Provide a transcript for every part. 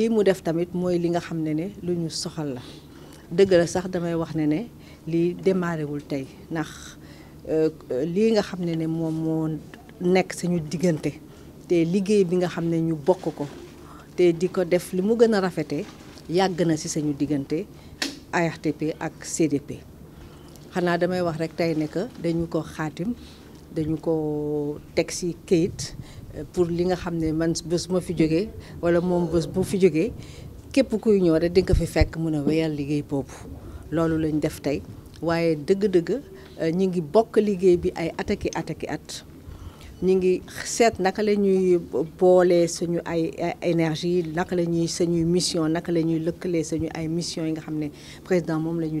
lii mu def tamit mooy li nga xam ne ne lu ñu soxal la dëgg sax damay wax ne ne lii demarewul tey ndax euh, lii nga xam ne ne moom moo nekk suñu diggante te liggéey bi nga xam ne ñu bokk ko te di ko def li mu gën a rafetee yàgg na ci suñu diggante ARTP ak CDP xanaa damay wax rekk tey ne dañu ko xaatim dañu ko teg si kayit euh, pour li nga xam man bés ma fi jógee wala moom bés bu fi jógee képp kuy ñëw rek di fi fekk mën a wéyal liggéey boobu loolu lañ def tey waaye dëgg-dëgg euh, ñi ngi bokk liggéey bi ay de at ñi ngi naka la suñu ay énergie la mission naka la ñuy lëkkalee suñu ay mission nga président la ñu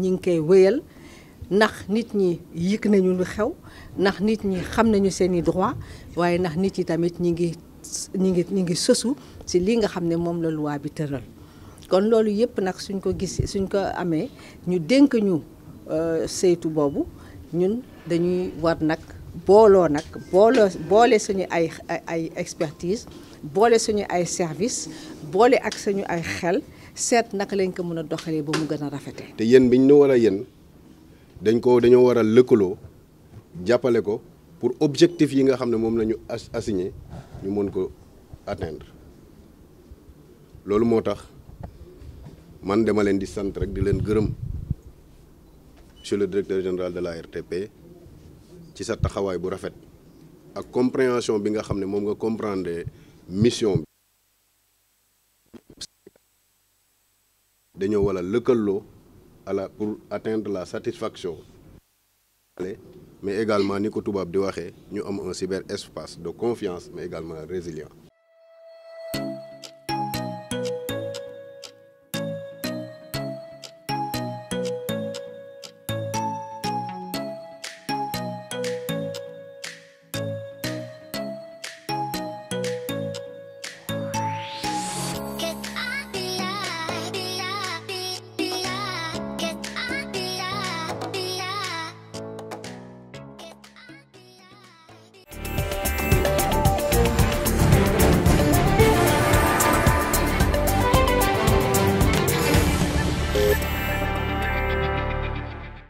ñi ngi koy wéyal ndax nit ñi yëg nañu lu xew ndax nit ñi xam nañu seeni droit waaye ndax nit ñi tamit ñi ngi ñi ngi ñi ngi sësu si li nga xam ne moom la loi bi tëral kon loolu yëpp nag suñ ko gis suñ ko amee ñu dénk ñu euh, saytu boobu ñun dañuy war nag booloo nag booloo boole suñu ay ay expertise boole suñu ay service boole ak suñu ay xel Set nak lañ ko mëna doxale doxalee ba mu gëna rafété té yeen biñ ñu wara yeen dañ ko dañu wara a jappalé ko pour objectif yi nga xamné mom lañu assigné ñu mën ko atteindre lolu motax man dama leen di sante rek di leen gërëm monsieur le directeur général de la RTP ci sa taxaway bu rafet ak compréhension bi nga xamné mom nga comprendre mission Nous avons le lëkkaloo pour atteindre la satisfaction mais également nous avons un cyberespace de confiance mais également résilient